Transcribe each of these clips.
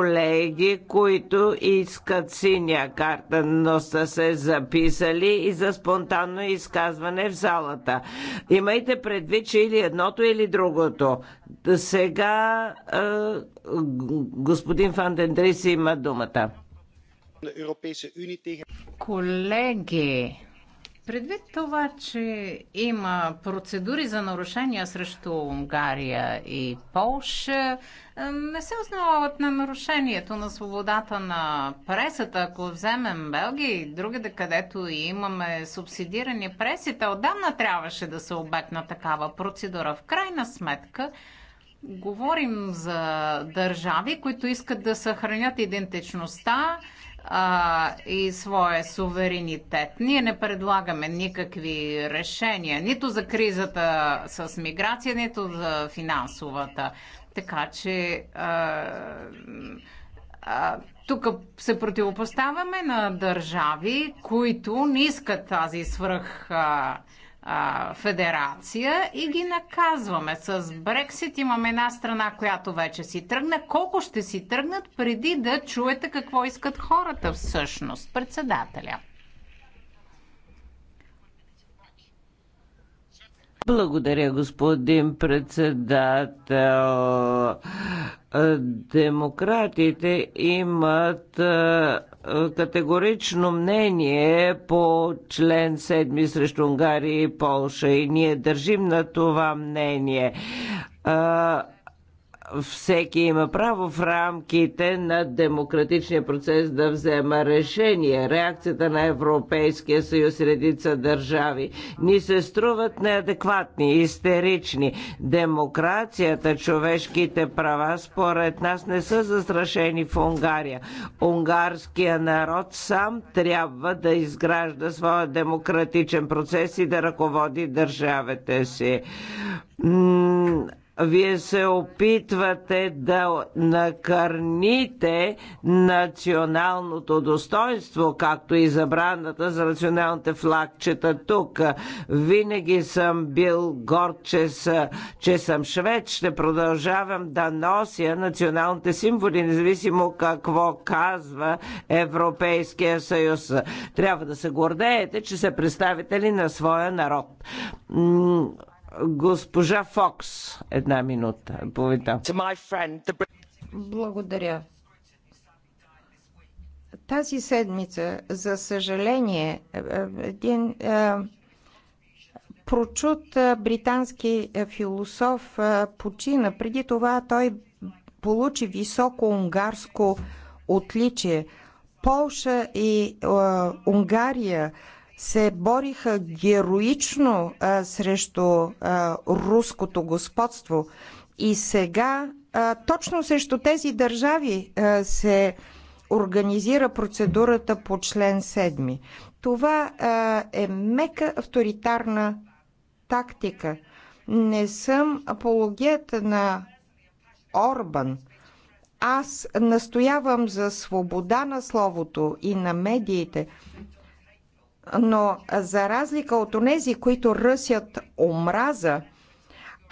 колеги, които искат синя карта, но са се записали и за спонтанно изказване в залата. Имайте предвид, че или едното, или другото. Сега е, господин Фандендрис има думата. Колеги, Предвид това, че има процедури за нарушения срещу Унгария и Полша, е, не се основават на нарушението на свободата на пресата. Ако вземем Белгия и другите, където имаме субсидирани пресите, отдавна трябваше да се обект на такава процедура. В крайна сметка, говорим за държави, които искат да съхранят идентичността, а, и своя суверенитет. Ние не предлагаме никакви решения, нито за кризата с миграция, нито за финансовата. Така че а, а, тук се противопоставяме на държави, които не искат тази свръх. А, а, федерация и ги наказваме. С Брексит имаме една страна, която вече си тръгна. Колко ще си тръгнат преди да чуете какво искат хората всъщност? Председателя. Благодаря, господин председател. Е, демократите имат е, категорично мнение по член 7 срещу Унгария и Полша и ние държим на това мнение. Е, всеки има право в рамките на демократичния процес да взема решение. Реакцията на Европейския съюз редица държави ни се струват неадекватни, истерични. Демокрацията, човешките права според нас не са застрашени в Унгария. Унгарския народ сам трябва да изгражда своя демократичен процес и да ръководи държавите си вие се опитвате да накърните националното достоинство, както и забраната за националните флагчета тук. Винаги съм бил горд, че, са, че съм швед. Ще продължавам да нося националните символи, независимо какво казва Европейския съюз. Трябва да се гордеете, че са представители на своя народ Госпожа Фокс, една минута, Благодаря. Тази седмица, за съжаление, един е, прочут британски философ е, почина. Преди това той получи високо унгарско отличие. Полша и е, Унгария се бориха героично а, срещу а, руското господство. И сега а, точно срещу тези държави а, се организира процедурата по член 7. Това а, е мека авторитарна тактика. Не съм апологет на Орбан. Аз настоявам за свобода на словото и на медиите но за разлика от онези, които ръсят омраза,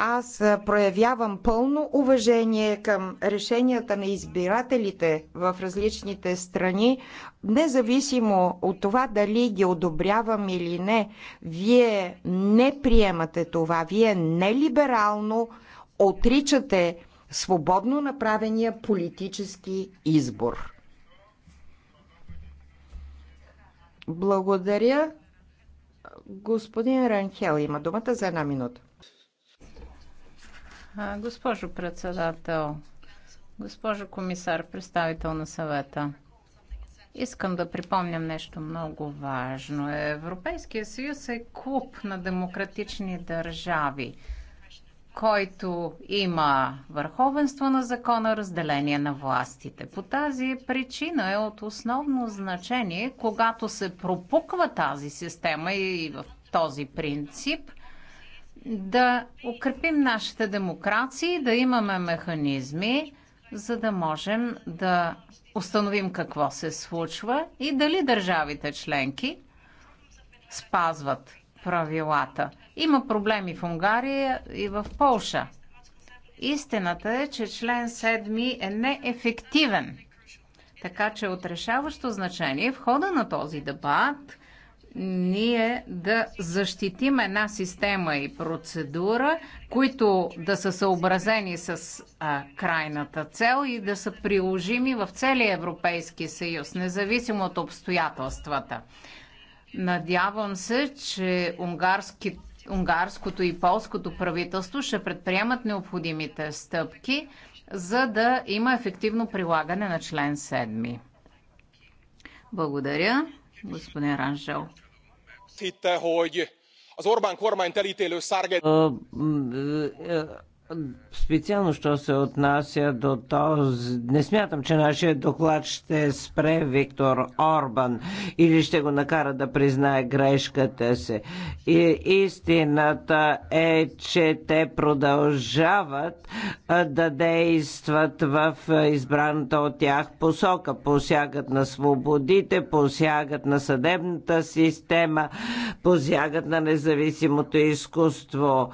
аз проявявам пълно уважение към решенията на избирателите в различните страни, независимо от това дали ги одобрявам или не. Вие не приемате това, вие нелиберално отричате свободно направения политически избор. Благодаря. Господин Ранхел има думата за една минута. Госпожо председател, госпожо комисар, представител на съвета, искам да припомням нещо много важно. Европейския съюз е клуб на демократични държави който има върховенство на закона, разделение на властите. По тази причина е от основно значение, когато се пропуква тази система и в този принцип, да укрепим нашите демокрации, да имаме механизми, за да можем да установим какво се случва и дали държавите членки спазват правилата. Има проблеми в Унгария и в Полша. Истината е, че член 7 е неефективен. Така че от решаващо значение в хода на този дебат ние да защитим една система и процедура, които да са съобразени с а, крайната цел и да са приложими в целия Европейски съюз, независимо от обстоятелствата. Надявам се, че унгарски, унгарското и полското правителство ще предприемат необходимите стъпки, за да има ефективно прилагане на член 7. Благодаря, господин Ранжел. Uh, Специално, що се отнася до този... Не смятам, че нашия доклад ще спре Виктор Орбан или ще го накара да признае грешката си. И истината е, че те продължават да действат в избраната от тях посока. Посягат на свободите, посягат на съдебната система, посягат на независимото изкуство,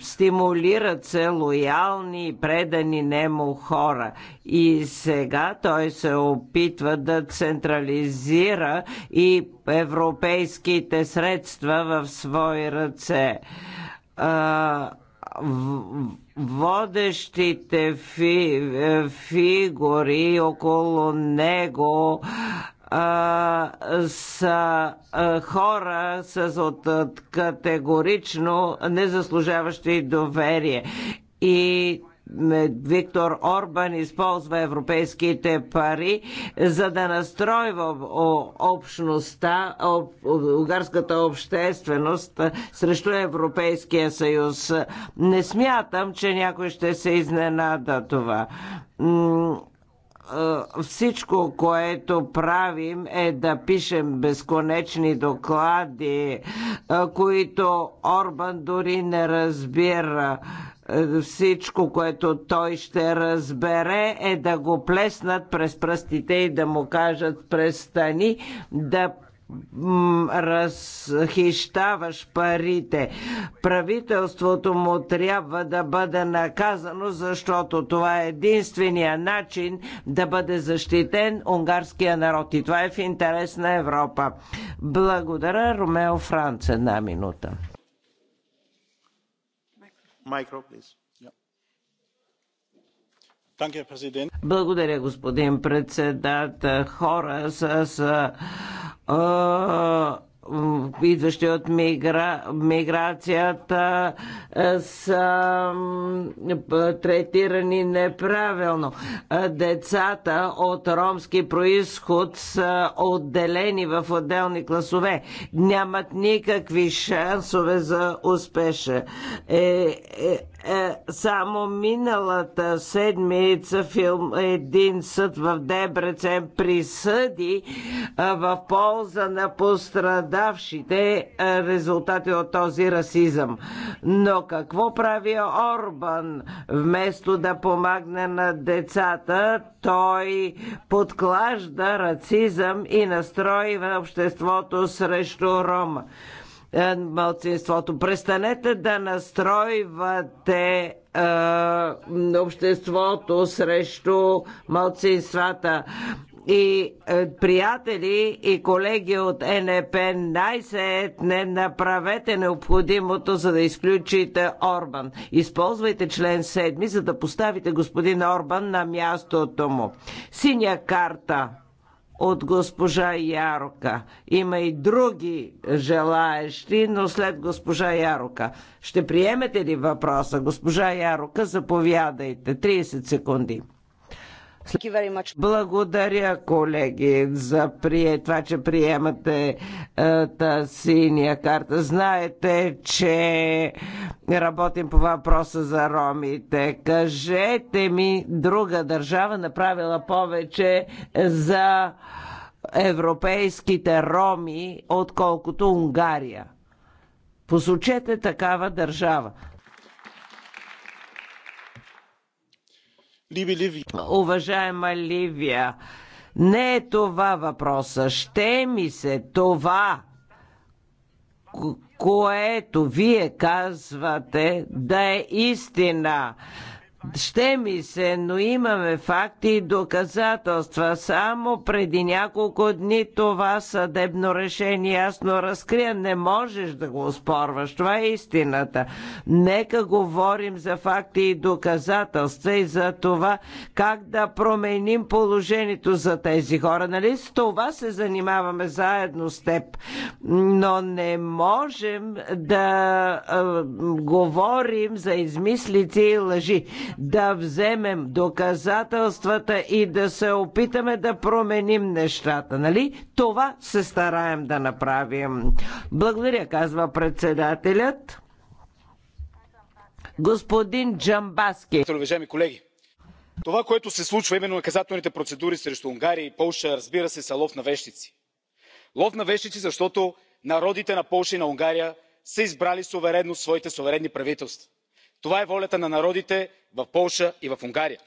стимулират намират лоялни и предани нему хора. И сега той се опитва да централизира и европейските средства в свои ръце. А, в, водещите фи, е, фигури около него а, са а, хора с от, от категорично незаслужаващи доверие. И Виктор Орбан използва европейските пари, за да настройва общността, угарската общественост срещу Европейския съюз. Не смятам, че някой ще се изненада това е, всичко, което правим е да пишем безконечни доклади, е, които Орбан дори не разбира. Е, всичко, което той ще разбере е да го плеснат през пръстите и да му кажат престани да разхищаваш парите. Правителството му трябва да бъде наказано, защото това е единствения начин да бъде защитен унгарския народ. И това е в интерес на Европа. Благодаря, Ромео Франц, една минута. Благодаря, господин председател. Хора с, с идващи от мигра... миграцията са третирани неправилно. Децата от ромски происход са отделени в отделни класове. Нямат никакви шансове за успеша. Е, е, е, само миналата седмица филм Един съд в Дебрецен присъди е, в полза на пострадавшите е, резултати от този расизъм. Но какво прави Орбан? Вместо да помагне на децата, той подклажда расизъм и настроива обществото срещу Рома. Е, малцинството. Престанете да настройвате е, обществото срещу малцинствата и е, приятели и колеги от НП, най-сетне направете необходимото, за да изключите Орбан. Използвайте член 7, за да поставите господин Орбан на мястото му. Синя карта от госпожа Ярока. Има и други желаещи, но след госпожа Ярока. Ще приемете ли въпроса? Госпожа Ярока, заповядайте. 30 секунди. Благодаря, колеги, за прие... това, че приемате е, тази синия карта. Знаете, че работим по въпроса за ромите. Кажете ми, друга държава направила повече за европейските роми, отколкото Унгария. Посочете такава държава. Ливи, Ливи. Уважаема Ливия, не е това въпроса. Ще ми се това, което вие казвате да е истина. Ще ми се, но имаме факти и доказателства. Само преди няколко дни това съдебно решение ясно разкрия. Не можеш да го спорваш. Това е истината. Нека говорим за факти и доказателства и за това как да променим положението за тези хора. Нали? С това се занимаваме заедно с теб. Но не можем да а, говорим за измислици и лъжи да вземем доказателствата и да се опитаме да променим нещата, нали? Това се стараем да направим. Благодаря, казва председателят. Господин Джамбаски. Уважаеми колеги, това, което се случва, именно наказателните процедури срещу Унгария и Полша, разбира се, са лов на вещици. Лов на вещици, защото народите на Полша и на Унгария са избрали суверенно своите суверенни правителства това е волята на народите в полша и в унгария.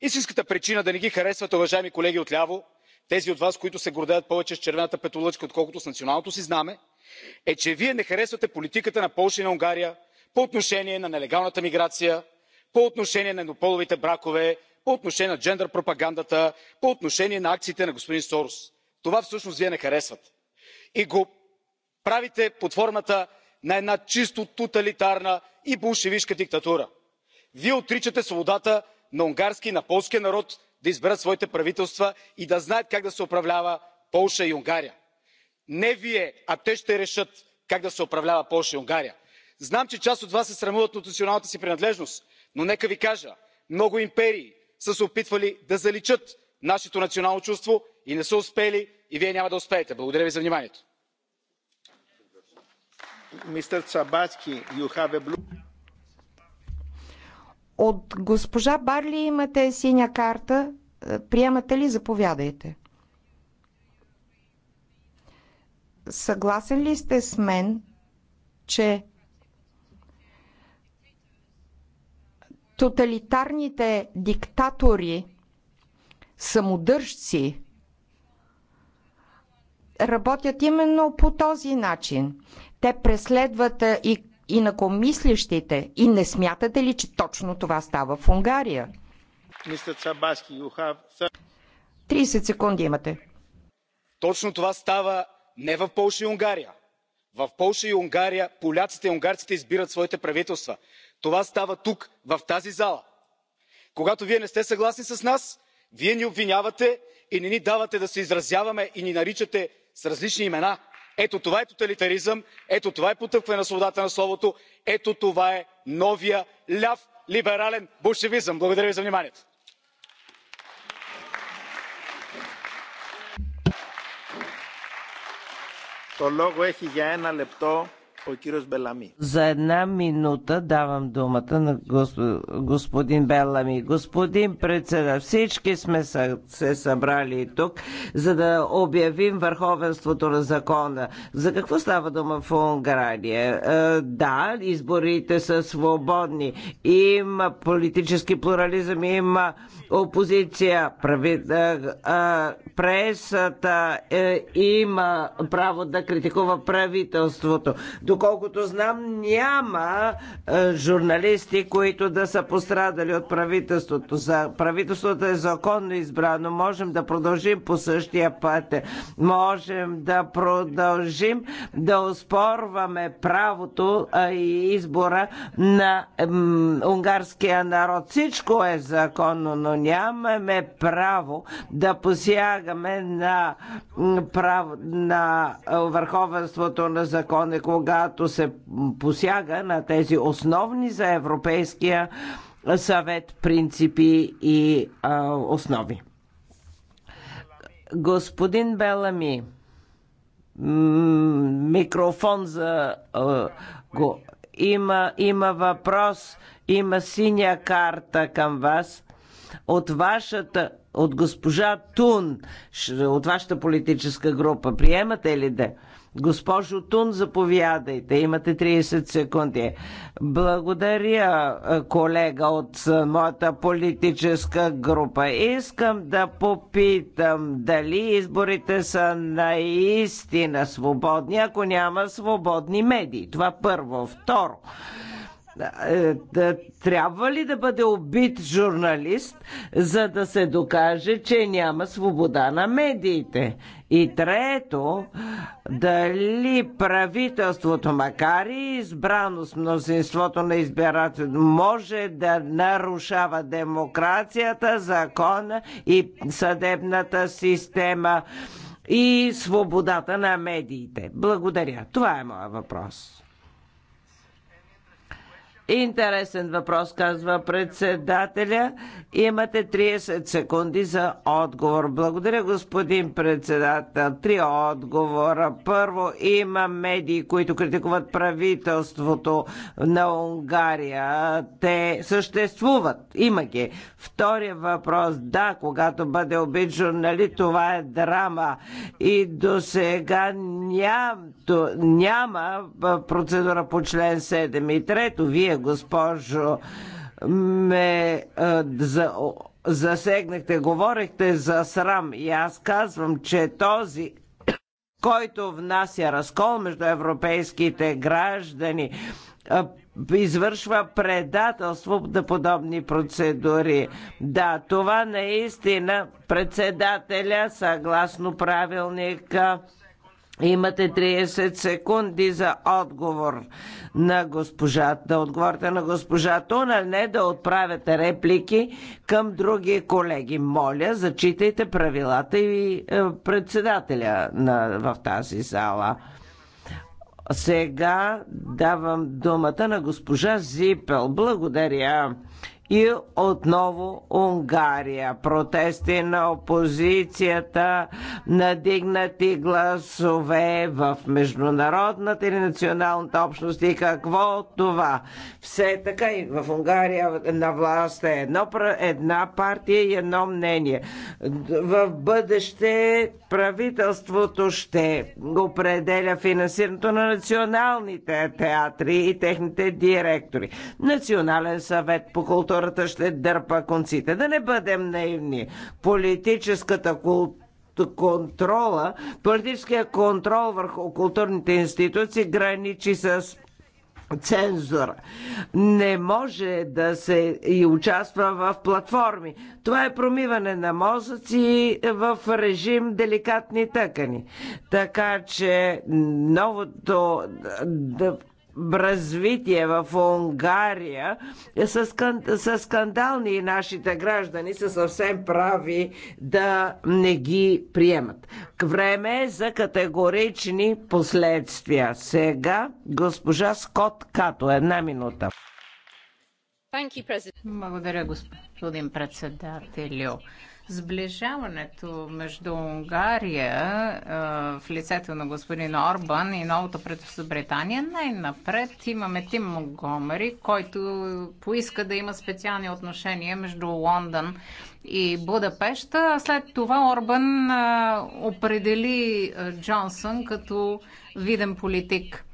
истинската причина да не ги харесвате уважаеми колеги отляво тези от вас които се гордеят повече с червената петолъчка отколкото с националното си знаме е че вие не харесвате политиката на полша и на унгария по отношение на нелегалната миграция по отношение на еднополовите бракове по отношение на джендър пропагандата по отношение на акциите на господин сорос. това всъщност вие не харесвате и го правите под формата на една чисто тоталитарна и болшевишка диктатура. вие отричате свободата на унгарския и на полския народ да изберат своите правителства и да знаят как да се управлява полша и унгария. не вие а те ще решат как да се управлява полша и унгария. знам че част от вас се срамуват от националната си принадлежност но нека ви кажа много империи са се опитвали да заличат нашето национално чувство и не са успели и вие няма да успеете. благодаря ви за вниманието. От госпожа Барли имате синя карта. Е, приемате ли? Заповядайте. Съгласен ли сте с мен, че тоталитарните диктатори, самодържци, работят именно по този начин. Те преследват и инакомислящите И не смятате ли, че точно това става в Унгария? 30 секунди имате. Точно това става не в Полша и Унгария. В Полша и Унгария поляците и унгарците избират своите правителства. Това става тук, в тази зала. Когато вие не сте съгласни с нас, вие ни обвинявате и не ни давате да се изразяваме и ни наричате с различни имена. ето това е тоталитаризъм ето това е потъпкване на свободата на словото ето това е новият ляв либерален болшевизъм. благодаря ви за вниманието. За една минута давам думата на господин Белами. Господин председател, всички сме се събрали тук, за да обявим върховенството на закона. За какво става дума в Унгария? Е, да, изборите са свободни. Има политически плурализъм, има опозиция. Е, е, пресата има право да критикува правителството. До Доколкото знам, няма е, журналисти, които да са пострадали от правителството. За, правителството е законно избрано. Можем да продължим по същия път. Можем да продължим да успорваме правото е, и избора на е, унгарския народ. Всичко е законно, но нямаме право да посягаме на, право, на върховенството на закона, кога когато се посяга на тези основни за Европейския съвет принципи и а, основи. Господин Белами, микрофон за а, го, има, има въпрос, има синя карта към вас от вашата, от госпожа Тун, от вашата политическа група. Приемате ли да? Госпожо Тун, заповядайте. Имате 30 секунди. Благодаря, колега от моята политическа група. Искам да попитам дали изборите са наистина свободни, ако няма свободни медии. Това първо. Второ, е, трябва ли да бъде убит журналист, за да се докаже, че няма свобода на медиите? И трето, дали правителството, макар и избрано с мнозинството на избирателите, може да нарушава демокрацията, закона и съдебната система и свободата на медиите? Благодаря. Това е моят въпрос. Интересен въпрос, казва председателя. Имате 30 секунди за отговор. Благодаря, господин председател. Три отговора. Първо, има медии, които критикуват правителството на Унгария. Те съществуват. Има ги. Втория въпрос. Да, когато бъде убит журнали, това е драма. И до сега ням, няма процедура по член 7. И трето, вие госпожо, ме за засегнахте, говорихте за срам и аз казвам, че този който внася разкол между европейските граждани, извършва предателство на подобни процедури. Да, това наистина председателя, съгласно правилника, Имате 30 секунди за отговор на госпожа, да отговорите на госпожа Туна, не да отправяте реплики към други колеги. Моля, зачитайте правилата и е, председателя на, в тази зала. Сега давам думата на госпожа Зипел. Благодаря и отново Унгария. Протести на опозицията, надигнати гласове в международната или националната общност и какво от това. Все така и в Унгария на власт е едно, една партия и едно мнение. В бъдеще правителството ще определя финансирането на националните театри и техните директори. Национален съвет по култура хората ще дърпа конците. Да не бъдем наивни. Политическата култура контрола, политическия контрол върху културните институции граничи с цензура. Не може да се и участва в платформи. Това е промиване на мозъци в режим деликатни тъкани. Така че новото развитие в Унгария са, скан, са скандални и нашите граждани са съвсем прави да не ги приемат. Време е за категорични последствия. Сега госпожа Скот Като. Една минута. Благодаря, господин председателю. Сближаването между Унгария в лицето на господин Орбан и новото правителство Британия най-напред имаме Тим Монгомери, който поиска да има специални отношения между Лондон и Будапешта. А след това Орбан определи Джонсън като виден политик.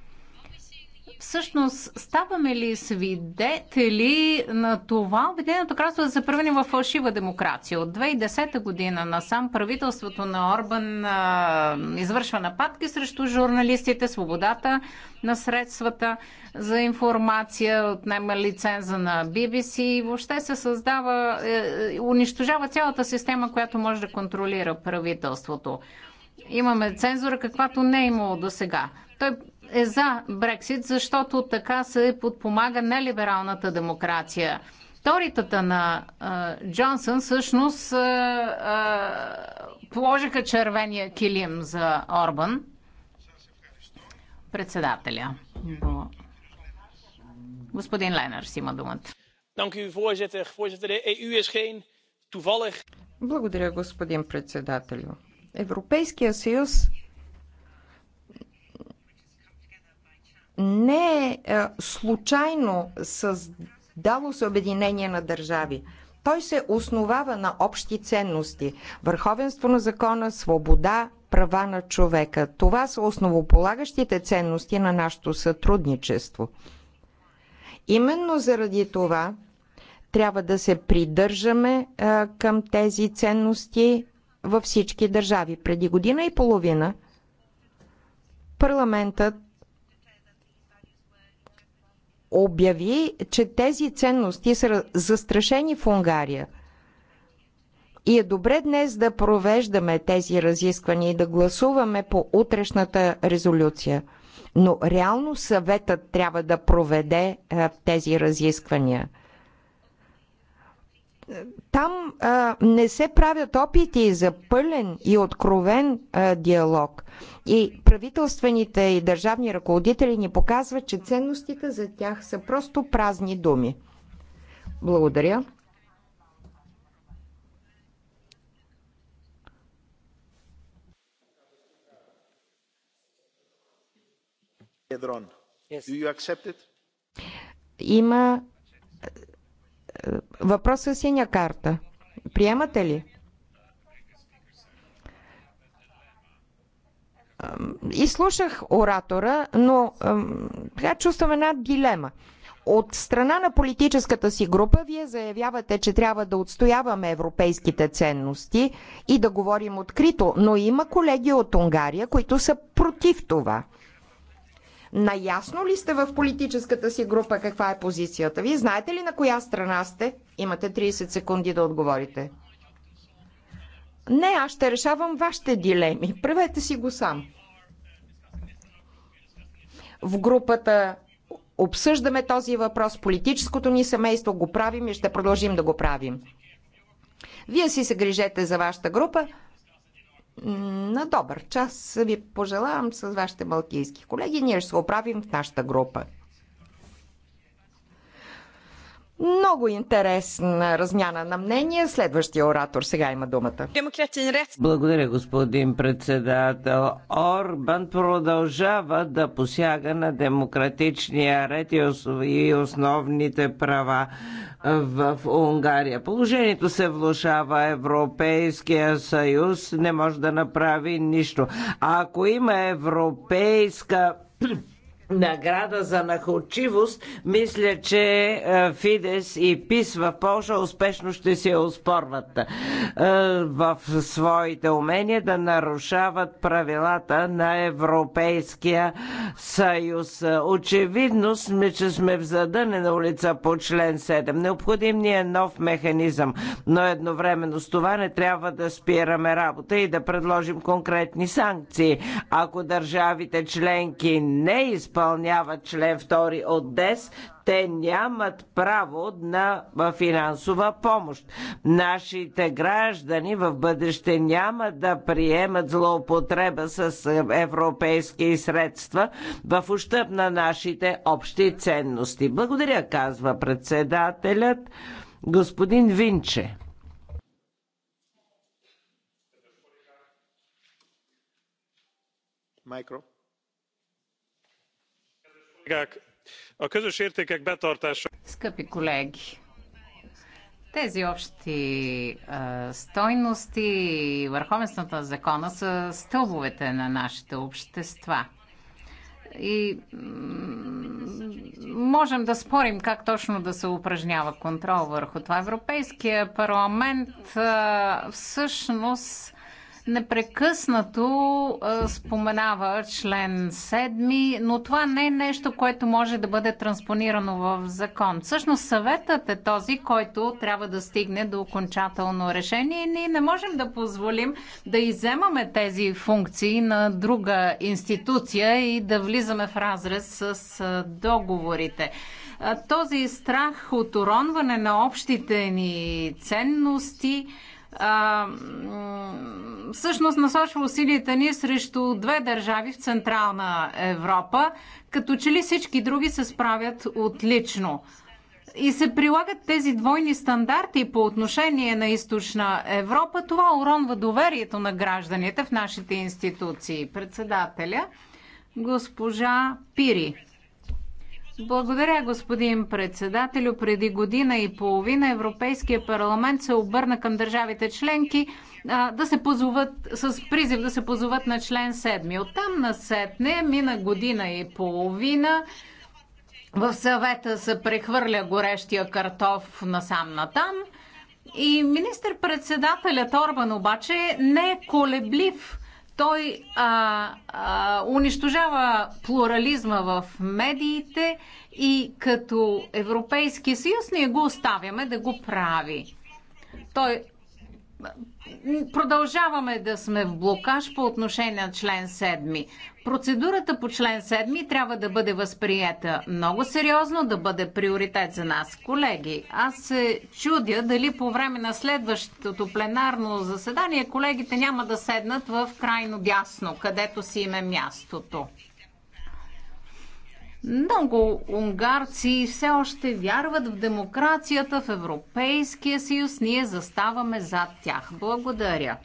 Всъщност, ставаме ли свидетели на това Обединеното кралство да се превърне в фалшива демокрация? От 2010 година насам правителството на Орбан а, извършва нападки срещу журналистите, свободата на средствата за информация, отнема лиценза на BBC и въобще се създава, е, е, унищожава цялата система, която може да контролира правителството. Имаме цензура, каквато не е имало до сега. Той е за Брексит, защото така се подпомага нелибералната демокрация. Торитата на а, Джонсън всъщност а, а, положиха червения килим за Орбан, председателя. Господин Ленърс има думата. Благодаря, господин председателю. Европейския съюз не е, е случайно създало се обединение на държави. Той се основава на общи ценности – върховенство на закона, свобода, права на човека. Това са основополагащите ценности на нашето сътрудничество. Именно заради това трябва да се придържаме а, е, към тези ценности във всички държави. Преди година и половина парламентът обяви, че тези ценности са застрашени в Унгария. И е добре днес да провеждаме тези разисквания и да гласуваме по утрешната резолюция. Но реално съветът трябва да проведе тези разисквания – там а, не се правят опити за пълен и откровен а, диалог. И правителствените и държавни ръководители ни показват, че ценностите за тях са просто празни думи. Благодаря. Има Въпрос с е синя карта. Приемате ли? И слушах оратора, но така чувствам една дилема. От страна на политическата си група вие заявявате, че трябва да отстояваме европейските ценности и да говорим открито, но има колеги от Унгария, които са против това. Наясно ли сте в политическата си група каква е позицията ви? Знаете ли на коя страна сте? Имате 30 секунди да отговорите. Не, аз ще решавам вашите дилеми. Правете си го сам. В групата обсъждаме този въпрос, политическото ни семейство го правим и ще продължим да го правим. Вие си се грижете за вашата група, на добър час ви пожелавам с вашите малтийски колеги. Ние ще се оправим в нашата група. Много интересна размяна на мнение. Следващия оратор сега има думата. Благодаря, господин председател. Орбан продължава да посяга на демократичния ред и основните права в Унгария. Положението се влушава. Европейския съюз не може да направи нищо. ако има европейска награда за находчивост, мисля, че е, Фидес и ПИС в Польша успешно ще се оспорват е, в своите умения да нарушават правилата на Европейския съюз. Очевидно сме, че сме в задънена улица по член 7. Необходим ни е нов механизъм, но едновременно с това не трябва да спираме работа и да предложим конкретни санкции. Ако държавите членки не изпълняват изпълняват член 2 от ДЕС, те нямат право на финансова помощ. Нашите граждани в бъдеще няма да приемат злоупотреба с европейски средства в ущъп на нашите общи ценности. Благодаря, казва председателят господин Винче. Micro. Скъпи колеги, тези общи стойности и върховенството на закона са стълбовете на нашите общества. И можем да спорим как точно да се упражнява контрол върху това. Европейския парламент всъщност непрекъснато споменава член 7, но това не е нещо, което може да бъде транспонирано в закон. Всъщност съветът е този, който трябва да стигне до окончателно решение и ние не можем да позволим да иземаме тези функции на друга институция и да влизаме в разрез с договорите този страх от уронване на общите ни ценности а, всъщност насочва усилията ни срещу две държави в Централна Европа, като че ли всички други се справят отлично. И се прилагат тези двойни стандарти по отношение на източна Европа. Това уронва доверието на гражданите в нашите институции. Председателя, госпожа Пири. Благодаря, господин председателю. Преди година и половина Европейския парламент се обърна към държавите членки а, да се позоват, с призив да се позоват на член 7. Оттам на сетне мина година и половина. В съвета се прехвърля горещия картоф насам натам. И министър-председателят Орбан обаче не е колеблив той а, а, унищожава плурализма в медиите и като Европейски съюз ние го оставяме да го прави. Той Продължаваме да сме в блокаж по отношение на член 7. Процедурата по член 7 трябва да бъде възприета много сериозно, да бъде приоритет за нас. Колеги, аз се чудя дали по време на следващото пленарно заседание колегите няма да седнат в крайно дясно, където си им е мястото. Много унгарци все още вярват в демокрацията в Европейския съюз. Ние заставаме зад тях. Благодаря.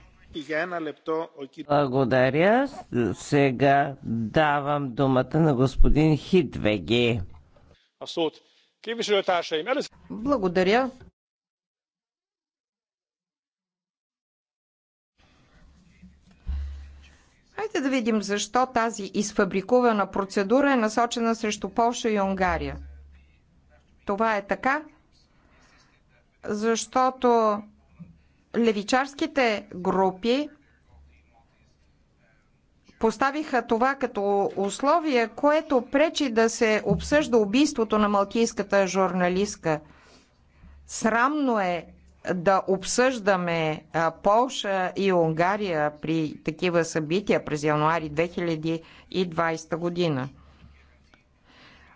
Благодаря. Сега давам думата на господин Хитвеги. Благодаря. Хайде да видим защо тази изфабрикувана процедура е насочена срещу Польша и Унгария. Това е така, защото левичарските групи поставиха това като условие, което пречи да се обсъжда убийството на малтийската журналистка. Срамно е да обсъждаме Полша и Унгария при такива събития през януари 2020 година.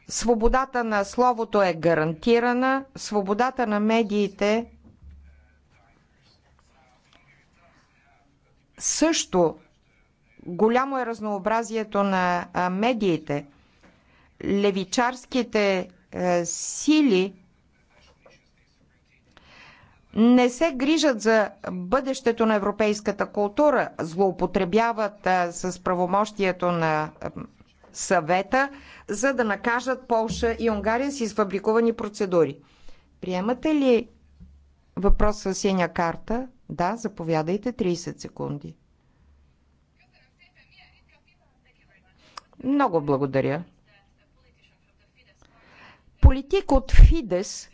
Свободата на словото е гарантирана, свободата на медиите също голямо е разнообразието на медиите. Левичарските е, сили – не се грижат за бъдещето на европейската култура, злоупотребяват а, с правомощието на а, съвета, за да накажат Полша и Унгария с изфабрикувани процедури. Приемате ли въпрос с синя карта? Да, заповядайте 30 секунди. Много благодаря. Политик от Фидес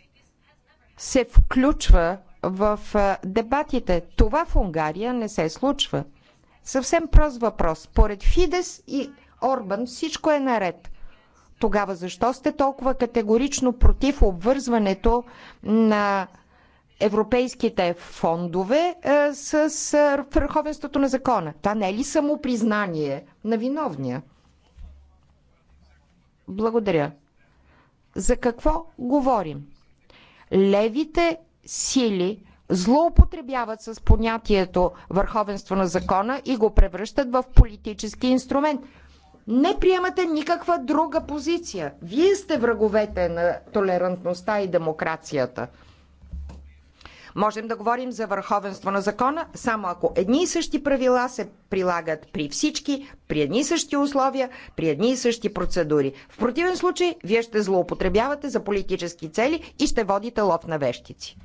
се включва в дебатите. Това в Унгария не се случва. Съвсем прост въпрос. Поред Фидес и Орбан всичко е наред. Тогава защо сте толкова категорично против обвързването на европейските фондове с върховенството на закона? Та не е ли само признание на виновния? Благодаря. За какво говорим? Левите сили злоупотребяват с понятието върховенство на закона и го превръщат в политически инструмент. Не приемате никаква друга позиция. Вие сте враговете на толерантността и демокрацията. Можем да говорим за върховенство на закона, само ако едни и същи правила се прилагат при всички, при едни и същи условия, при едни и същи процедури. В противен случай, вие ще злоупотребявате за политически цели и ще водите лов на вещици.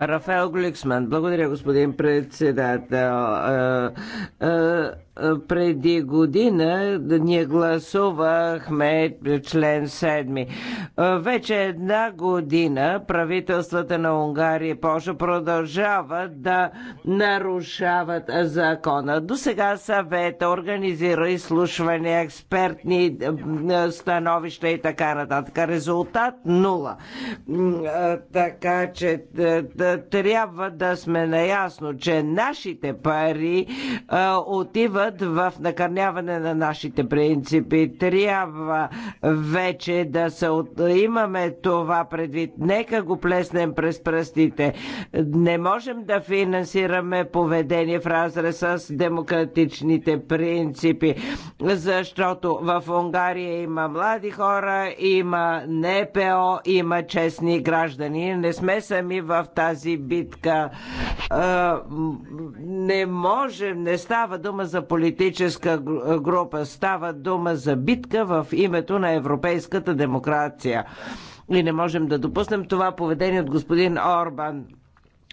Рафаел Гликсман. Благодаря, господин председател. Е, е, преди година ние гласувахме член 7. Вече една година правителствата на Унгария и Польша продължават да нарушават закона. До сега съвета организира изслушвания, експертни становища и така нататък. Резултат нула. Така че трябва да сме наясно, че нашите пари отиват път в накърняване на нашите принципи. Трябва вече да се от... имаме това предвид. Нека го плеснем през пръстите. Не можем да финансираме поведение в разрез с демократичните принципи, защото в Унгария има млади хора, има НПО, има честни граждани. Не сме сами в тази битка. Е, не можем, не става дума за политическа група. Става дума за битка в името на европейската демокрация. И не можем да допуснем това поведение от господин Орбан.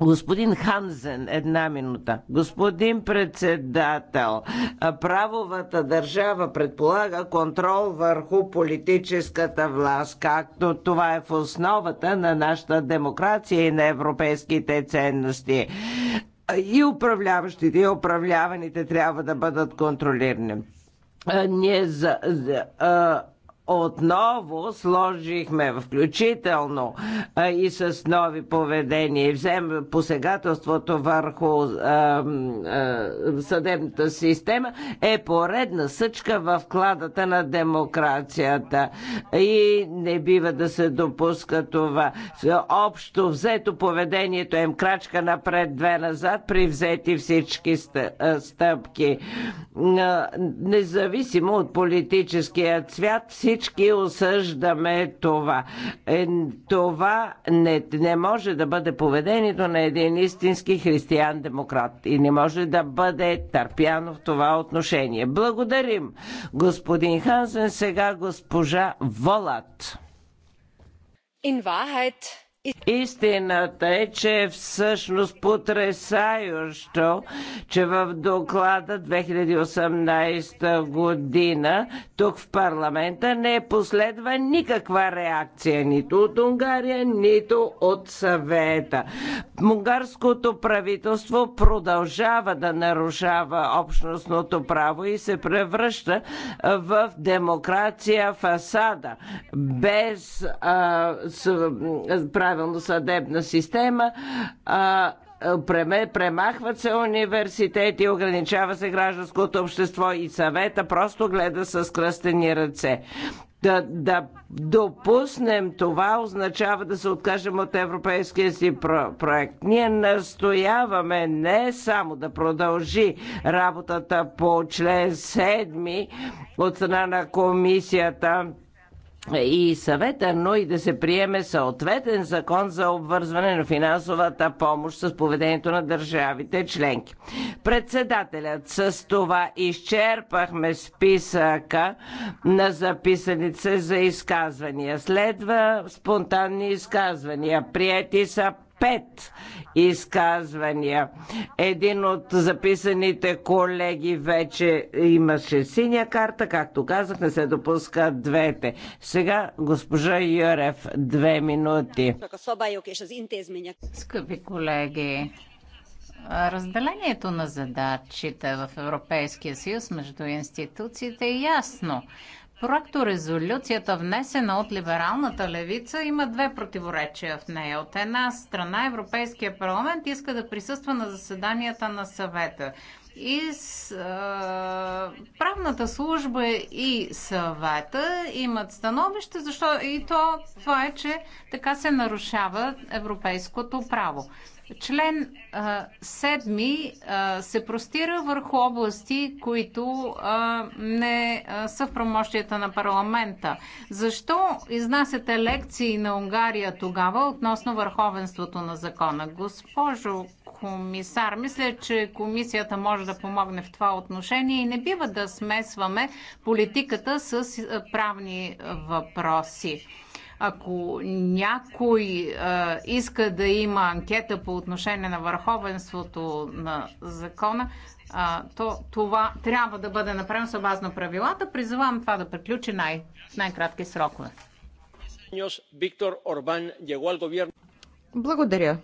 Господин Ханзен, една минута. Господин председател, правовата държава предполага контрол върху политическата власт, както това е в основата на нашата демокрация и на европейските ценности и управляващите, и управляваните трябва да бъдат контролирани. Ние за, за, а, отново сложихме, включително а, и с нови поведения, взем посегателството върху а, а, съдебната система, е поредна съчка в кладата на демокрацията. И не бива да се допуска това. Общо взето поведението е крачка напред, две назад, при взети всички стъпки. Независимо от политическия цвят, си всички осъждаме това. Е, това не, не може да бъде поведението на един истински християн-демократ и не може да бъде търпяно в това отношение. Благодарим, господин Хансен. Сега госпожа Волат. In Wahrheit Истината е, че е всъщност потрясающо, че в доклада 2018 година тук в парламента не е последва никаква реакция нито от Унгария, нито от съвета. Унгарското правителство продължава да нарушава общностното право и се превръща в демокрация фасада без а, с, правилно съдебна система, а, премахват се университети, ограничава се гражданското общество и съвета просто гледа с кръстени ръце. Да, да допуснем това означава да се откажем от европейския си про- проект. Ние настояваме не само да продължи работата по член 7 от страна на комисията и съвета, но и да се приеме съответен закон за обвързване на финансовата помощ с поведението на държавите членки. Председателят с това изчерпахме списъка на записаните за изказвания. Следва спонтанни изказвания. Приети са пет изказвания. Един от записаните колеги вече имаше синя карта, както казах, не се допуска двете. Сега госпожа Юрев, две минути. Скъпи колеги, разделението на задачите в Европейския съюз между институциите е ясно. Проекторезолюцията, внесена от либералната левица, има две противоречия в нея. От една страна Европейския парламент иска да присъства на заседанията на съвета. И с, а, правната служба и съвета имат становище, защо и то това е, че така се нарушава европейското право. Член а, а, се простира върху области, които а, не а, са в промощията на парламента. Защо изнасяте лекции на Унгария тогава относно върховенството на закона? Госпожо комисар, мисля, че комисията може да помогне в това отношение и не бива да смесваме политиката с правни въпроси. Ако някой а, иска да има анкета по отношение на върховенството на закона, а, то това трябва да бъде направено съобразно правилата. Призовавам това да приключи най- в най-кратки срокове. Благодаря.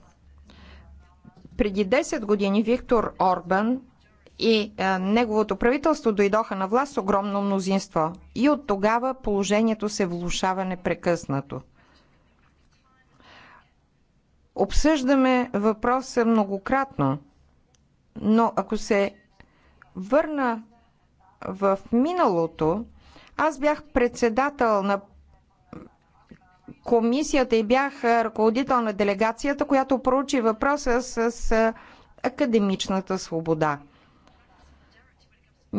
Преди 10 години Виктор Орбан и а, неговото правителство дойдоха на власт с огромно мнозинство. И от тогава положението се влушава непрекъснато. Обсъждаме въпроса многократно, но ако се върна в миналото, аз бях председател на комисията и бях ръководител на делегацията, която проучи въпроса с академичната свобода.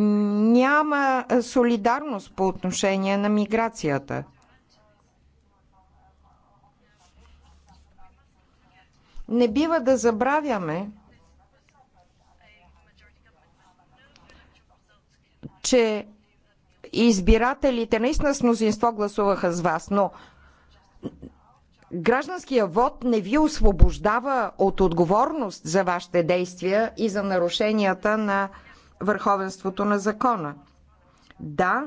Няма е, солидарност по отношение на миграцията. Не бива да забравяме, че избирателите наистина с мнозинство гласуваха с вас, но гражданския вод не ви освобождава от отговорност за вашите действия и за нарушенията на върховенството на закона. Да,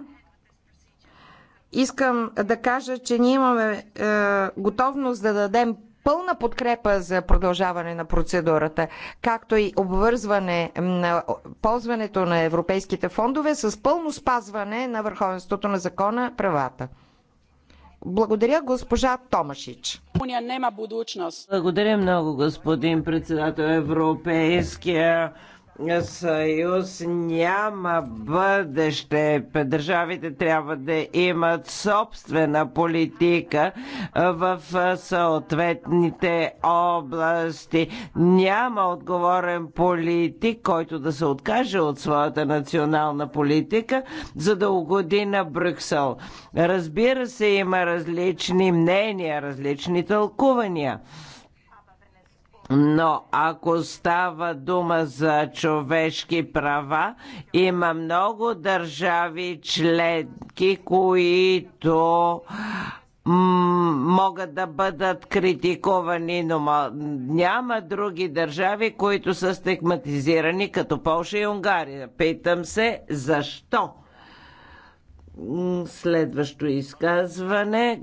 искам да кажа, че ние имаме е, готовност да дадем пълна подкрепа за продължаване на процедурата, както и обвързване на ползването на европейските фондове с пълно спазване на върховенството на закона правата. Благодаря госпожа Томашич. Благодаря много, господин председател Европейския съюз няма бъдеще. Държавите трябва да имат собствена политика в съответните области. Няма отговорен политик, който да се откаже от своята национална политика, за да угоди на Брюксел. Разбира се, има различни мнения, различни тълкувания. Но ако става дума за човешки права, има много държави членки, които могат да бъдат критиковани, но няма други държави, които са стигматизирани, като Польша и Унгария. Питам се, защо? Следващо изказване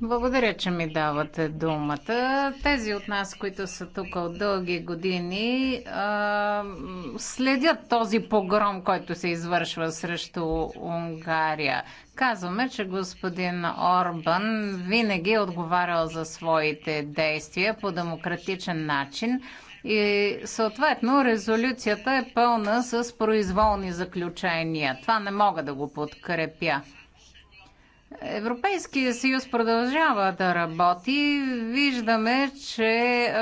благодаря, че ми давате думата. Тези от нас, които са тук от дълги години, следят този погром, който се извършва срещу Унгария. Казваме, че господин Орбан винаги е отговарял за своите действия по демократичен начин. И съответно резолюцията е пълна с произволни заключения. Това не мога да го подкрепя. Европейския съюз продължава да работи. Виждаме, че е,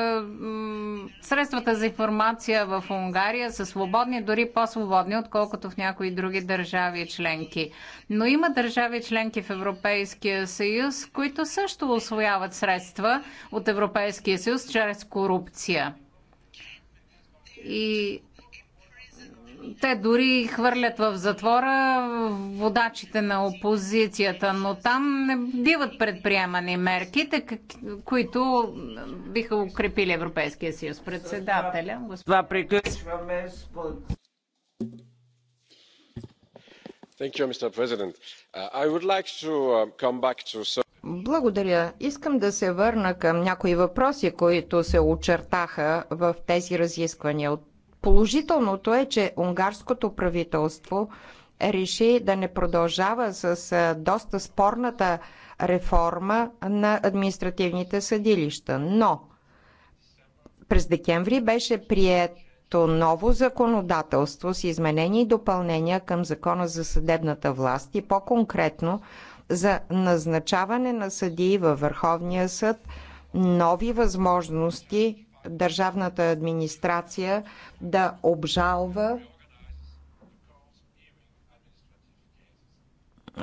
средствата за информация в Унгария са свободни, дори по-свободни, отколкото в някои други държави членки. Но има държави членки в Европейския съюз, които също освояват средства от Европейския съюз чрез корупция. И те дори хвърлят в затвора водачите на опозицията, но там не биват предприемани мерките, които биха укрепили Европейския съюз. Председателя, господин... Това приключваме с... Благодаря. Искам да се върна към някои въпроси, които се очертаха в тези разисквания от Положителното е, че унгарското правителство реши да не продължава с доста спорната реформа на административните съдилища. Но през декември беше прието ново законодателство с изменения и допълнения към Закона за съдебната власт и по-конкретно за назначаване на съдии във Върховния съд, нови възможности държавната администрация да обжалва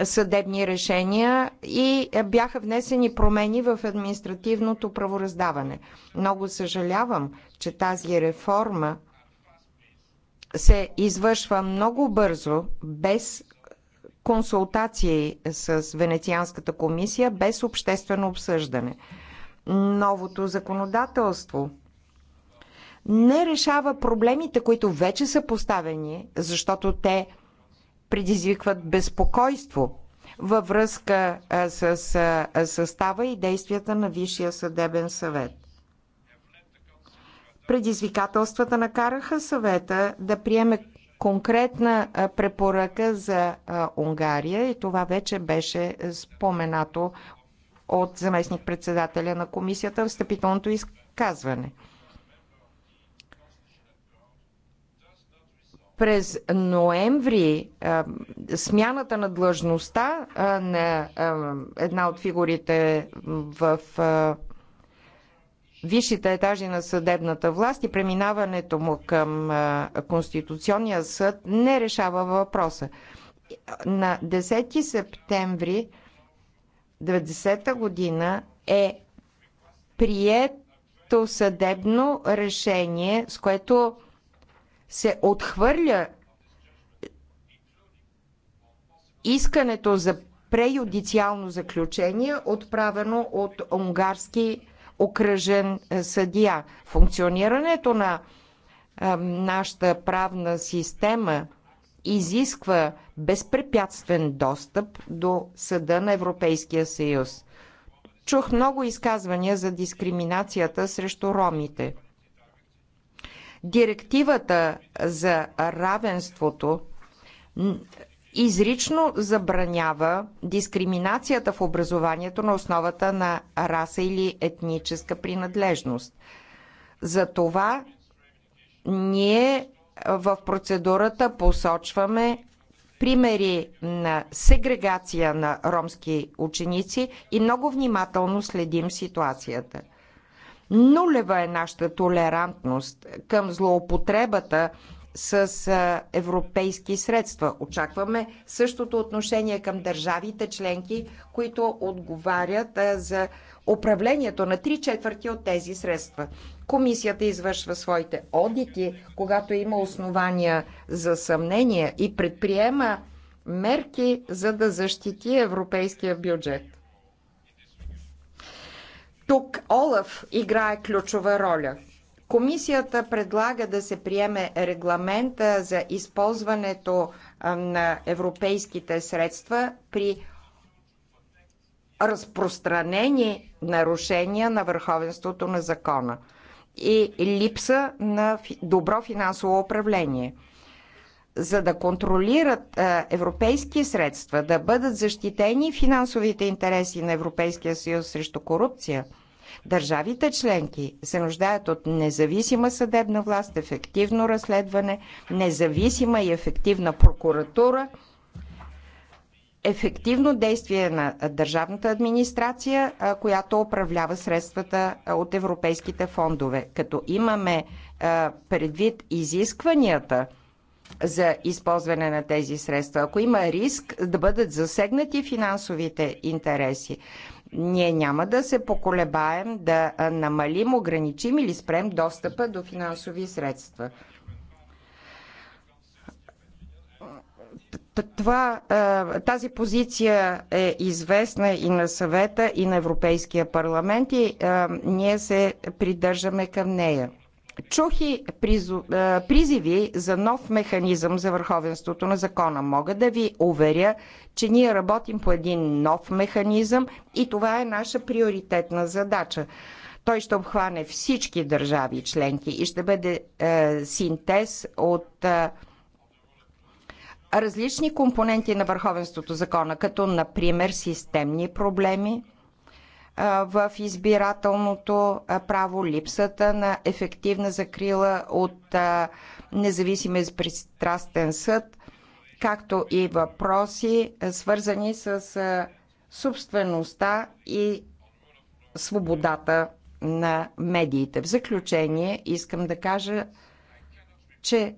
съдебни решения и бяха внесени промени в административното правораздаване. Много съжалявам, че тази реформа се извършва много бързо, без консултации с Венецианската комисия, без обществено обсъждане. Новото законодателство не решава проблемите, които вече са поставени, защото те предизвикват безпокойство във връзка с състава и действията на Висшия съдебен съвет. Предизвикателствата накараха съвета да приеме конкретна препоръка за Унгария и това вече беше споменато от заместник-председателя на комисията в стъпителното изказване. През ноември смяната на длъжността на една от фигурите в висшите етажи на съдебната власт и преминаването му към Конституционния съд не решава въпроса. На 10 септември 90-та година е прието съдебно решение, с което се отхвърля искането за преюдициално заключение, отправено от унгарски окръжен е, съдия. Функционирането на е, нашата правна система изисква безпрепятствен достъп до съда на Европейския съюз. Чух много изказвания за дискриминацията срещу ромите – Директивата за равенството изрично забранява дискриминацията в образованието на основата на раса или етническа принадлежност. Затова ние в процедурата посочваме примери на сегрегация на ромски ученици и много внимателно следим ситуацията. Нулева е нашата толерантност към злоупотребата с европейски средства. Очакваме същото отношение към държавите членки, които отговарят за управлението на три четвърти от тези средства. Комисията извършва своите одити, когато има основания за съмнение и предприема мерки, за да защити европейския бюджет. Тук Олаф играе ключова роля. Комисията предлага да се приеме регламента за използването на европейските средства при разпространени нарушения на върховенството на закона и липса на добро финансово управление. За да контролират европейски средства, да бъдат защитени финансовите интереси на Европейския съюз срещу корупция – Държавите членки се нуждаят от независима съдебна власт, ефективно разследване, независима и ефективна прокуратура, ефективно действие на държавната администрация, която управлява средствата от европейските фондове. Като имаме предвид изискванията, за използване на тези средства, ако има риск да бъдат засегнати финансовите интереси, ние няма да се поколебаем да намалим, ограничим или спрем достъпа до финансови средства. Това, тази позиция е известна и на съвета, и на Европейския парламент и ние се придържаме към нея. Чух и е, призиви за нов механизъм за върховенството на закона. Мога да ви уверя, че ние работим по един нов механизъм и това е наша приоритетна задача. Той ще обхване всички държави членки и ще бъде е, синтез от е, различни компоненти на върховенството закона, като например системни проблеми, в избирателното право, липсата на ефективна закрила от независим и безпристрастен съд, както и въпроси, свързани с собствеността и свободата на медиите. В заключение искам да кажа, че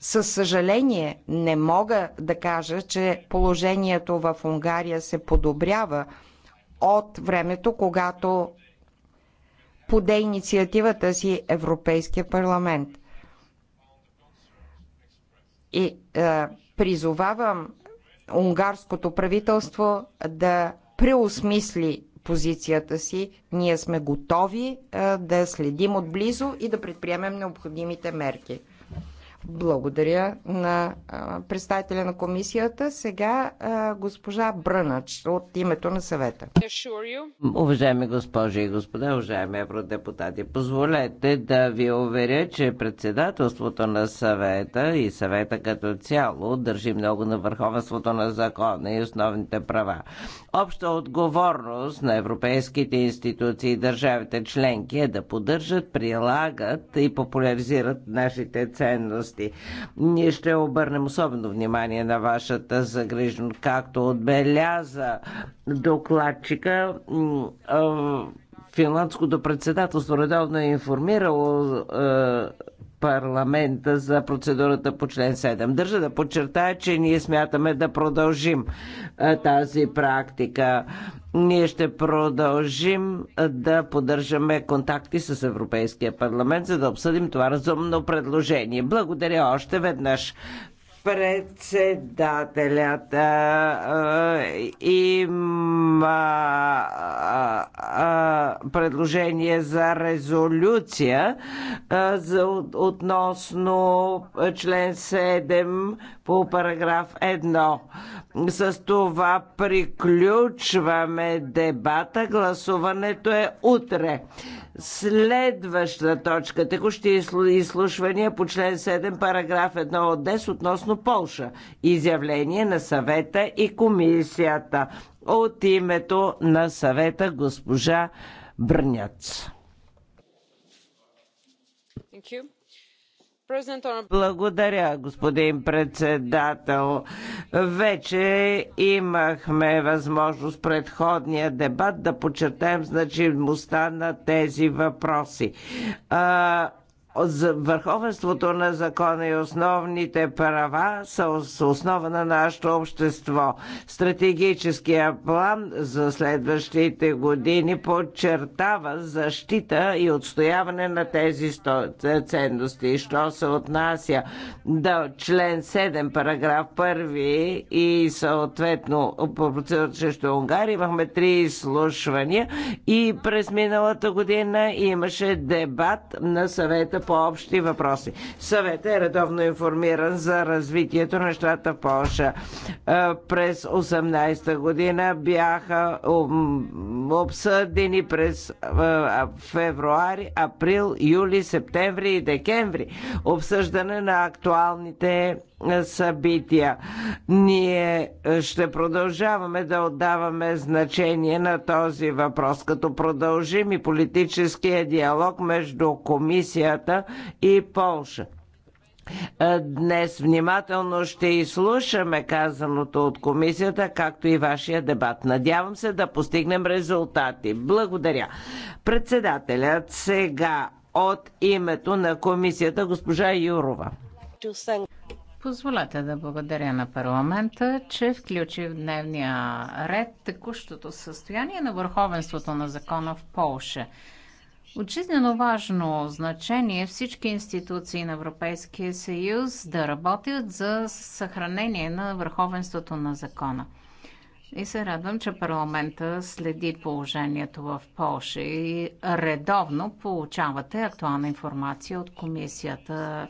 със съжаление не мога да кажа, че положението в Унгария се подобрява от времето, когато поде инициативата си Европейския парламент. И е, призовавам унгарското правителство да преосмисли позицията си. Ние сме готови е, да следим отблизо и да предприемем необходимите мерки. Благодаря на представителя на комисията. Сега госпожа Брънач от името на съвета. Уважаеми госпожи и господа, уважаеми евродепутати, позволете да ви уверя, че председателството на съвета и съвета като цяло държи много на върховенството на закона и основните права. Обща отговорност на европейските институции и държавите членки е да поддържат, прилагат и популяризират нашите ценности области. Ние ще обърнем особено внимание на вашата загриженост, както отбеляза докладчика. Финландското председателство редовно е информирало е, парламента за процедурата по член 7. Държа да подчертая, че ние смятаме да продължим тази практика. Ние ще продължим да поддържаме контакти с Европейския парламент, за да обсъдим това разумно предложение. Благодаря още веднъж председателят а, има а, а, предложение за резолюция а, за, относно член 7 по параграф 1. С това приключваме дебата. Гласуването е утре. Следваща точка. Текущи изслушвания по член 7, параграф 1 от 10 относно Полша. Изявление на съвета и комисията. От името на съвета госпожа Брняц. Thank you. Благодаря, господин председател. Вече имахме възможност предходния дебат да подчертаем значимостта на тези въпроси върховенството на закона и основните права са основа на нашето общество. Стратегическия план за следващите години подчертава защита и отстояване на тези ценности. Що се отнася до член 7, параграф 1 и съответно процедурата срещу Унгария, имахме три изслушвания и през миналата година имаше дебат на съвета по общи въпроси. Съветът е редовно информиран за развитието на щата в Польша. Е, през 18-та година бяха обсъдени през е, февруари, април, юли, септември и декември обсъждане на актуалните събития. Ние ще продължаваме да отдаваме значение на този въпрос, като продължим и политическия диалог между комисията и Полша. Днес внимателно ще изслушаме казаното от комисията, както и вашия дебат. Надявам се да постигнем резултати. Благодаря. Председателят сега от името на комисията госпожа Юрова. Позволете да благодаря на парламента, че включи в дневния ред текущото състояние на върховенството на закона в Полша. От жизнено важно значение е всички институции на Европейския съюз да работят за съхранение на върховенството на закона. И се радвам, че парламента следи положението в Польша и редовно получавате актуална информация от комисията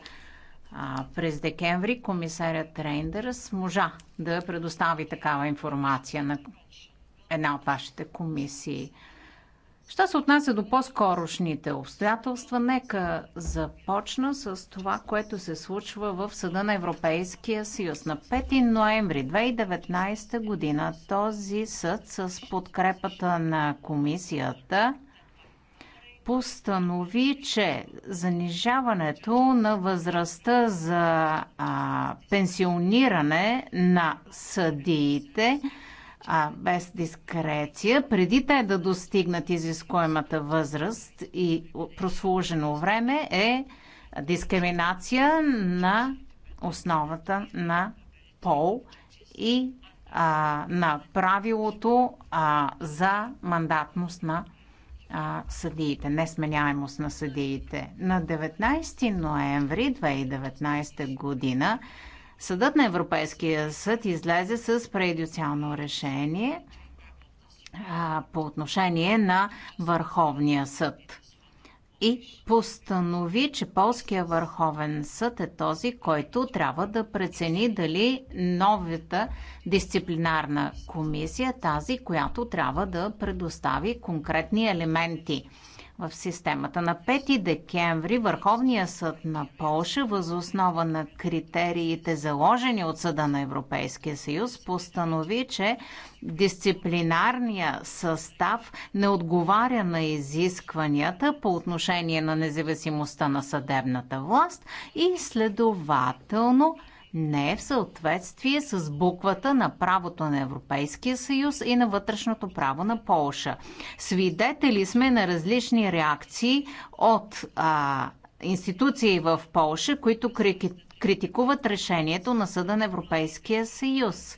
а, през декември комисарят Рейндърс можа да предостави такава информация на една от вашите комисии. Що се отнася до по-скорошните обстоятелства, нека започна с това, което се случва в Съда на Европейския съюз. На 5 ноември 2019 година този съд с подкрепата на комисията постанови, че занижаването на възрастта за а, пенсиониране на съдиите а, без дискреция, преди те да достигнат изискуемата възраст и прослужено време, е дискриминация на основата на пол и а, на правилото а, за мандатност на а, съдиите, несменяемост на съдиите. На 19 ноември 2019 година Съдът на Европейския съд излезе с преюдициално решение а, по отношение на Върховния съд и постанови, че Полския върховен съд е този, който трябва да прецени дали новата дисциплинарна комисия е тази, която трябва да предостави конкретни елементи в системата. На 5 декември Върховния съд на Полша, възоснова на критериите заложени от Съда на Европейския съюз, постанови, че дисциплинарния състав не отговаря на изискванията по отношение на независимостта на съдебната власт и следователно не е в съответствие с буквата на правото на Европейския съюз и на вътрешното право на Полша. Свидетели сме на различни реакции от а, институции в Полша, които критикуват решението на Съда на Европейския съюз.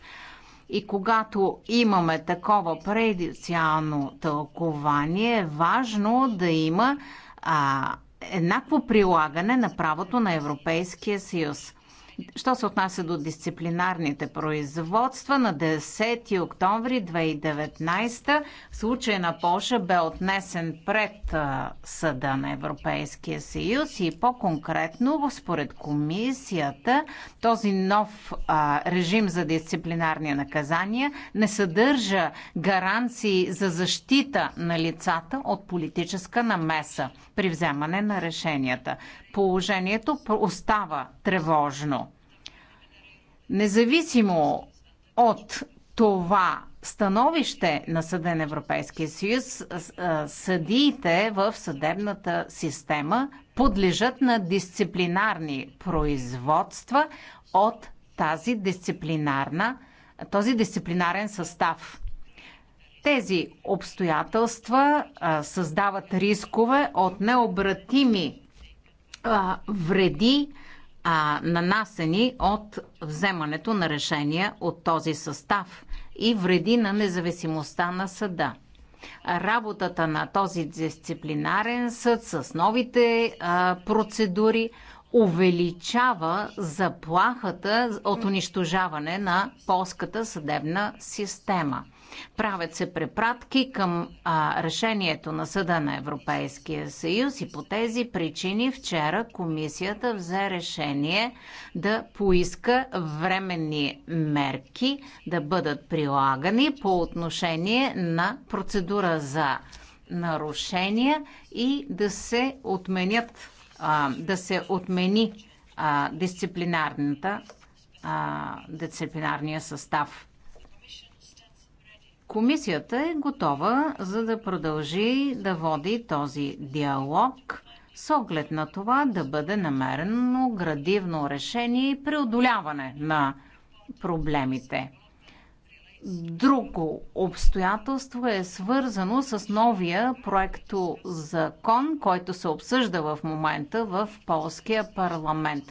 И когато имаме такова предициално тълкование, е важно да има а, еднакво прилагане на правото на Европейския съюз. Що се отнася до дисциплинарните производства, на 10 октомври 2019 случай на Польша бе отнесен пред Съда на Европейския съюз и по-конкретно, според комисията, този нов а, режим за дисциплинарни наказания не съдържа гаранции за защита на лицата от политическа намеса при вземане на решенията положението остава тревожно. Независимо от това становище на Съден Европейския съюз, съдиите в съдебната система подлежат на дисциплинарни производства от тази дисциплинарна, този дисциплинарен състав. Тези обстоятелства а, създават рискове от необратими а, вреди а, нанасени от вземането на решения от този състав и вреди на независимостта на съда. Работата на този дисциплинарен съд с новите а, процедури – увеличава заплахата от унищожаване на полската съдебна система. Правят се препратки към а, решението на Съда на Европейския съюз и по тези причини вчера комисията взе решение да поиска временни мерки да бъдат прилагани по отношение на процедура за нарушения и да се отменят да се отмени а, дисциплинарната, а, дисциплинарния състав. Комисията е готова за да продължи да води този диалог с оглед на това да бъде намерено градивно решение и преодоляване на проблемите. Друго обстоятелство е свързано с новия проекто закон, който се обсъжда в момента в полския парламент.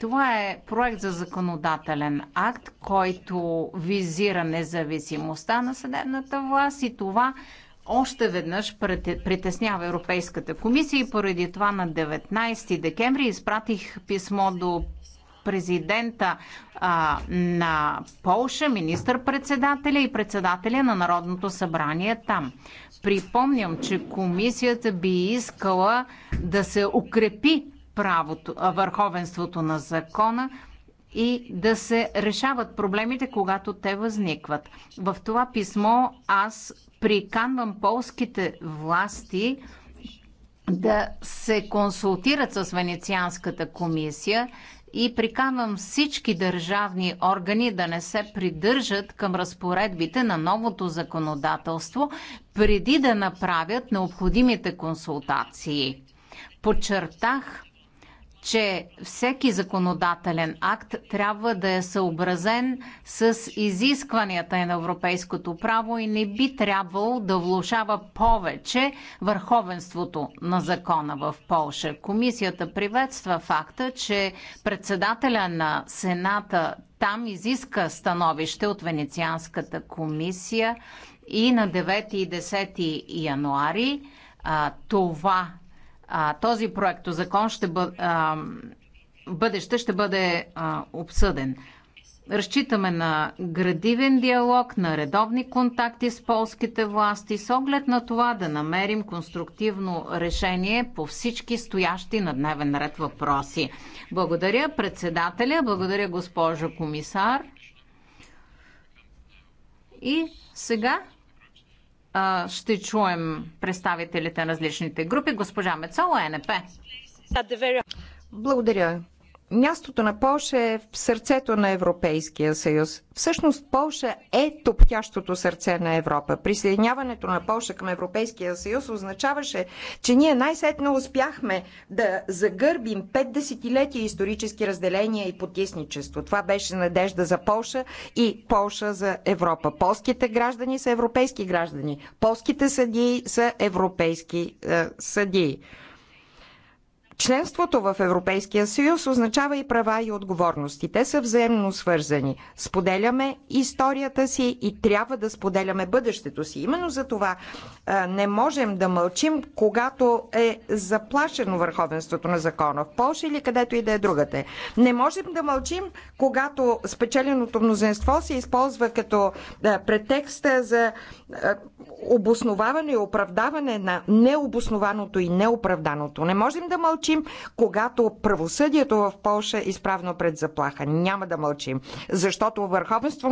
Това е проект за законодателен акт, който визира независимостта на съдебната власт и това още веднъж притеснява Европейската комисия и поради това на 19 декември изпратих писмо до президента а, на Полша, министър-председателя и председателя на Народното събрание там. Припомням, че комисията би искала да се укрепи правото, върховенството на закона и да се решават проблемите, когато те възникват. В това писмо аз приканвам полските власти да се консултират с Венецианската комисия и приканвам всички държавни органи да не се придържат към разпоредбите на новото законодателство, преди да направят необходимите консултации. Подчертах, че всеки законодателен акт трябва да е съобразен с изискванията на европейското право и не би трябвало да влушава повече върховенството на закона в Полша. Комисията приветства факта, че председателя на Сената там изиска становище от Венецианската комисия и на 9 и 10 януари а, това а, този проект закон ще бъде, а, бъдеще ще бъде а, обсъден. Разчитаме на градивен диалог, на редовни контакти с полските власти, с оглед на това да намерим конструктивно решение по всички стоящи на дневен ред въпроси. Благодаря председателя, благодаря госпожо комисар. И сега ще чуем представителите на различните групи. Госпожа Мецола, е НП. Благодаря. Мястото на Полша е в сърцето на Европейския съюз. Всъщност Полша е топтящото сърце на Европа. Присъединяването на Полша към Европейския съюз означаваше, че ние най-сетне успяхме да загърбим пет десетилетия исторически разделения и потисничество. Това беше надежда за Полша и Полша за Европа. Полските граждани са европейски граждани. Полските съдии са европейски е, съдии. Членството в Европейския съюз означава и права и отговорности. Те са взаимно свързани. Споделяме историята си и трябва да споделяме бъдещето си. Именно за това а, не можем да мълчим, когато е заплашено върховенството на закона в Польша или където и да е другата. Не можем да мълчим, когато спечеленото мнозинство се използва като да, претекста за обосноваване и оправдаване на необоснованото и неоправданото. Не можем да мълчим мълчим, когато правосъдието в Польша е изправно пред заплаха. Няма да мълчим, защото върховенство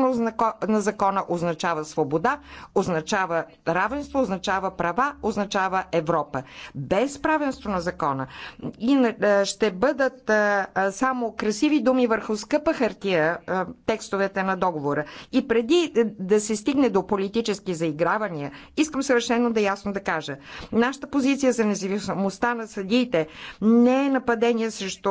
на закона означава свобода, означава равенство, означава права, означава Европа. Без правенство на закона и е, ще бъдат е, е, само красиви думи върху скъпа хартия текстовете на договора. И преди да се стигне до политически заигравания, искам съвършено да ясно да кажа. Нашата позиция за независимостта на съдиите не е нападение срещу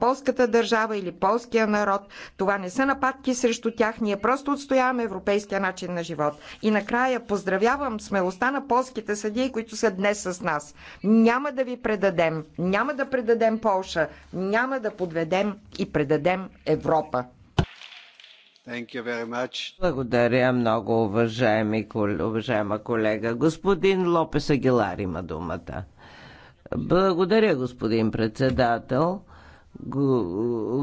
полската държава или полския народ. Това не са нападки срещу тях. Ние просто отстояваме европейския начин на живот. И накрая поздравявам смелостта на полските съдии, които са днес с нас. Няма да ви предадем. Няма да предадем Полша. Няма да подведем и предадем Европа. Благодаря много, уважаеми, уважаема колега. Господин Лопес Агилар има думата. Благодаря, господин председател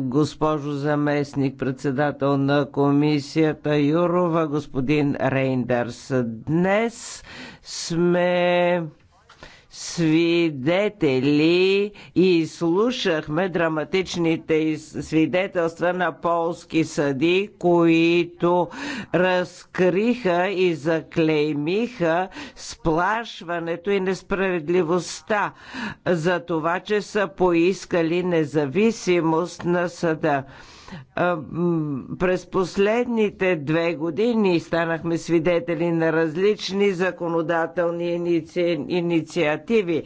госпожо заместник председател на комисията Юрова, господин Рейндърс. Днес сме свидетели и слушахме драматичните свидетелства на полски съди, които разкриха и заклеймиха сплашването и несправедливостта за това, че са поискали независимост на съда. През последните две години станахме свидетели на различни законодателни иници... инициативи.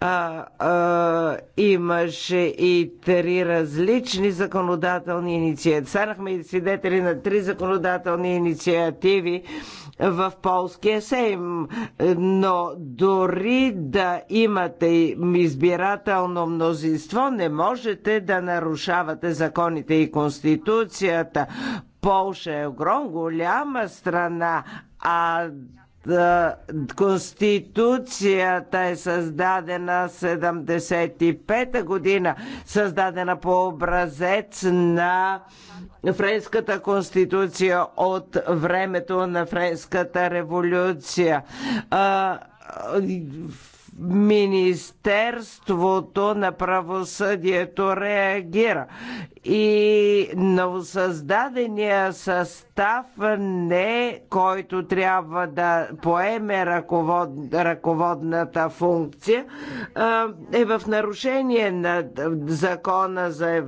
А, а, имаше и три различни законодателни инициативи. Станахме и свидетели на три законодателни инициативи в полския сейм. Но дори да имате избирателно мнозинство, не можете да нарушавате законите и Конституцията. Полша е огром голяма страна, а Конституцията е създадена 75-та година, създадена по образец на Френската конституция от времето на Френската революция Министерството на правосъдието реагира и новосъздадения състав не, който трябва да поеме ръковод, ръководната функция, е в нарушение на закона за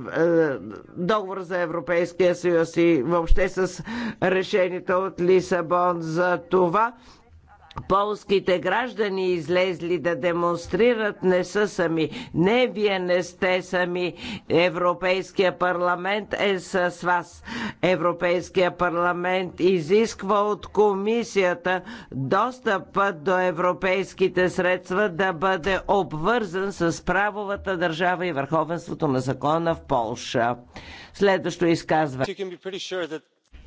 договор за Европейския съюз и въобще с решението от Лисабон за това полските граждани излезли да демонстрират не са сами. Не, вие не сте сами. Европейския парламент е с вас. Европейския парламент изисква от комисията достъпът до европейските средства да бъде обвързан с правовата държава и върховенството на закона в Полша. Следващо изказване.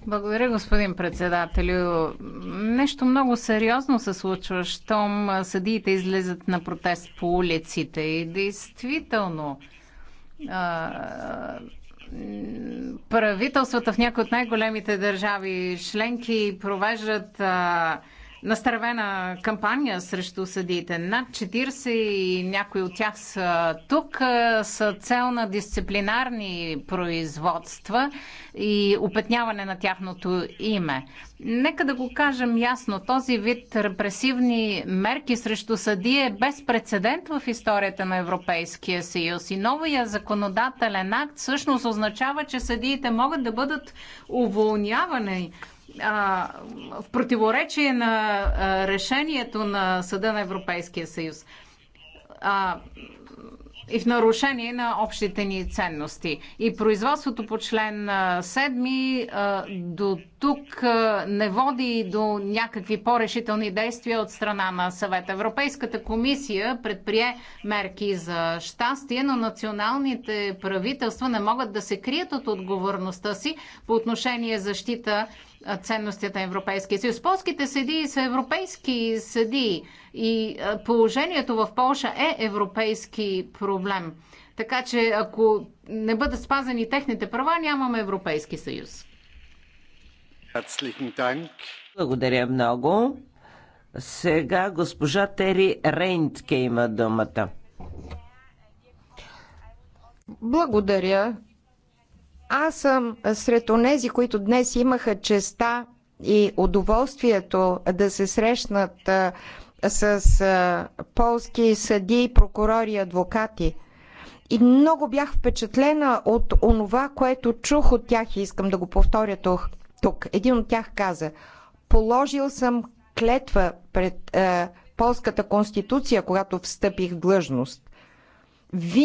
Благодаря, господин председателю. Нещо много сериозно се случва, щом съдиите излизат на протест по улиците. И действително, правителствата в някои от най-големите държави членки провеждат а, настървена кампания срещу съдиите. Над 40 и някои от тях са тук, са цел на дисциплинарни производства и опетняване на тяхното име. Нека да го кажем ясно, този вид репресивни мерки срещу съди е без прецедент в историята на Европейския съюз. И новия законодателен акт всъщност означава, че съдиите могат да бъдат уволнявани а, в противоречие на а, решението на Съда на Европейския съюз. А, и в нарушение на общите ни ценности. И производството по член 7 до тук не води до някакви по-решителни действия от страна на съвета. Европейската комисия предприе мерки за щастие, но националните правителства не могат да се крият от отговорността си по отношение защита ценностите на Европейския съюз. Полските съди са европейски съдии. И положението в Польша е европейски проблем. Така че ако не бъдат спазени техните права, нямаме Европейски съюз. Благодаря много. Сега госпожа Тери Рейнтке има думата. Благодаря. Аз съм сред онези, които днес имаха честа и удоволствието да се срещнат с полски съди, прокурори и адвокати. И много бях впечатлена от онова, което чух от тях и искам да го повторя тук. Един от тях каза, положил съм клетва пред е, полската конституция, когато встъпих в длъжност.